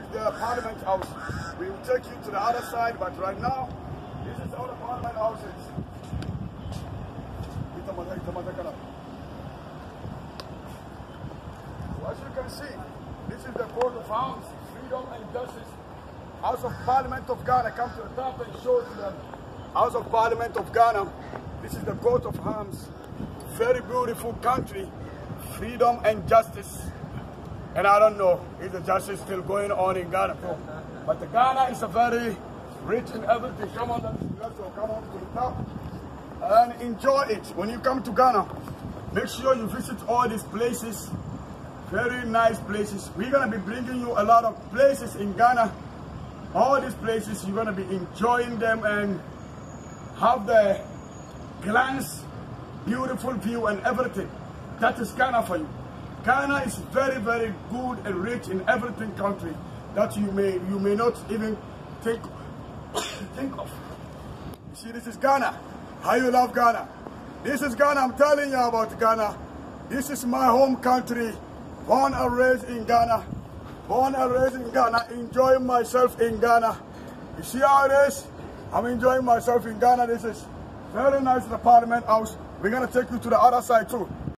is the Parliament House. We will take you to the other side, but right now, this is all the Parliament Houses. as you can see, this is the court of arms, freedom and justice. House of Parliament of Ghana, come to the top and show to them. House of Parliament of Ghana, this is the coat of arms. Very beautiful country, freedom and justice. And I don't know if the justice still going on in Ghana. But the Ghana is a very rich in everything. Come on, come on to the top and enjoy it. When you come to Ghana, make sure you visit all these places. Very nice places. We're going to be bringing you a lot of places in Ghana. All these places, you're going to be enjoying them and have the glance, beautiful view and everything. That is Ghana for you. Ghana is very, very good and rich in everything country that you may you may not even think think of. You see, this is Ghana. How you love Ghana. This is Ghana. I'm telling you about Ghana. This is my home country. Born and raised in Ghana. Born and raised in Ghana. Enjoying myself in Ghana. You see how it is? I'm enjoying myself in Ghana. This is very nice apartment house. We're going to take you to the other side too.